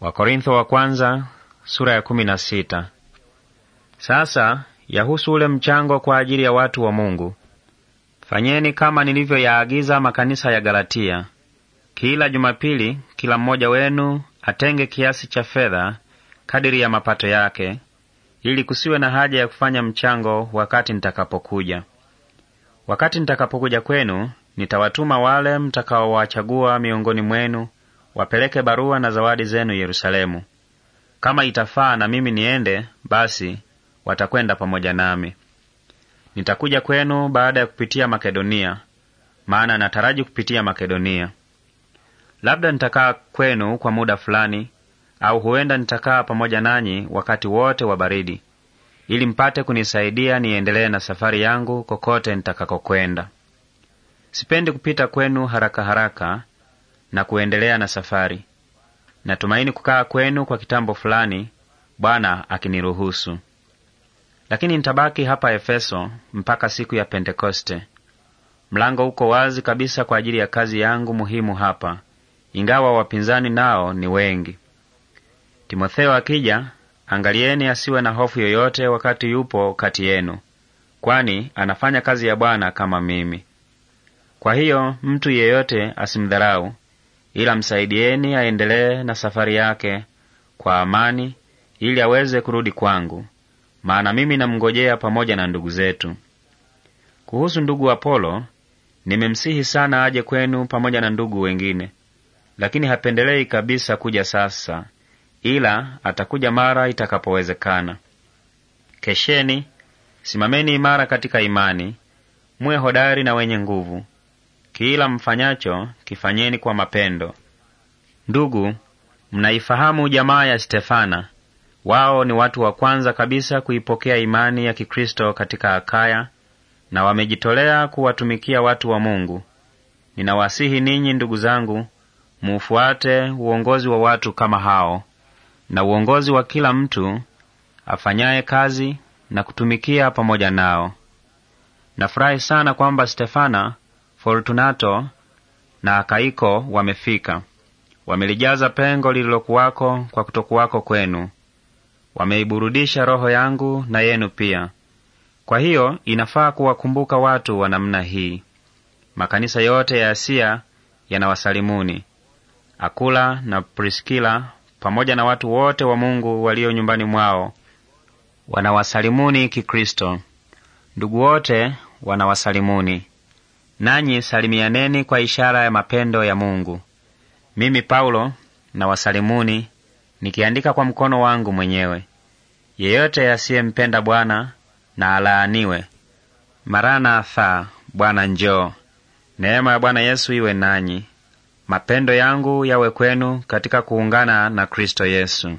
Wakorintho wa kwanza, sura ya kumi na sita. Sasa yahusu ule mchango kwa ajili ya watu wa Mungu. Fanyeni kama nilivyoyaagiza makanisa ya Galatia. Kila Jumapili kila mmoja wenu atenge kiasi cha fedha kadiri ya mapato yake, ili kusiwe na haja ya kufanya mchango wakati nitakapokuja. Wakati nitakapokuja kwenu, nitawatuma wale mtakaowachagua miongoni mwenu wapeleke barua na zawadi zenu Yerusalemu. Kama itafaa na mimi niende, basi watakwenda pamoja nami. Nitakuja kwenu baada ya kupitia Makedonia, maana nataraji kupitia Makedonia. Labda nitakaa kwenu kwa muda fulani, au huenda nitakaa pamoja nanyi wakati wote wa baridi, ili mpate kunisaidia niendelee na safari yangu kokote nitakakokwenda. Sipendi kupita kwenu haraka haraka na kuendelea na safari. Natumaini kukaa kwenu kwa kitambo fulani, Bwana akiniruhusu. Lakini nitabaki hapa Efeso mpaka siku ya Pentekoste. Mlango uko wazi kabisa kwa ajili ya kazi yangu muhimu hapa, ingawa wapinzani nao ni wengi. Timotheo akija, angalieni asiwe na hofu yoyote wakati yupo kati yenu, kwani anafanya kazi ya Bwana kama mimi. Kwa hiyo mtu yeyote asimdharau, ila msaidieni aendelee na safari yake kwa amani, ili aweze kurudi kwangu, maana mimi namngojea pamoja na ndugu zetu. Kuhusu ndugu Apolo, nimemsihi sana aje kwenu pamoja na ndugu wengine, lakini hapendelei kabisa kuja sasa, ila atakuja mara itakapowezekana. Kesheni, simameni imara katika imani, muwe hodari na wenye nguvu. Kila mfanyacho kifanyeni kwa mapendo. Ndugu, mnaifahamu jamaa ya Stefana. Wao ni watu wa kwanza kabisa kuipokea imani ya Kikristo katika Akaya na wamejitolea kuwatumikia watu wa Mungu. Ninawasihi ninyi ndugu zangu, muufuate uongozi wa watu kama hao na uongozi wa kila mtu afanyaye kazi na kutumikia pamoja nao. Nafurahi sana kwamba Stefana Fortunato na Kaiko wamefika, wamelijaza pengo lililokuwako kwa kutokuwako kwenu, wameiburudisha roho yangu na yenu pia. Kwa hiyo inafaa kuwakumbuka watu wa namna hii. Makanisa yote ya Asia yanawasalimuni. Akula na Priskila pamoja na watu wote wa Mungu walio nyumbani mwao wanawasalimuni Kikristo. Ndugu wote wanawasalimuni nanyi salimianeni kwa ishara ya mapendo ya Mungu. Mimi Paulo na wasalimuni nikiandika kwa mkono wangu mwenyewe. Yeyote asiyempenda Bwana na alaaniwe. Maranatha, Bwana njoo. Neema ya Bwana Yesu iwe nanyi. Mapendo yangu yawe kwenu katika kuungana na Kristo Yesu.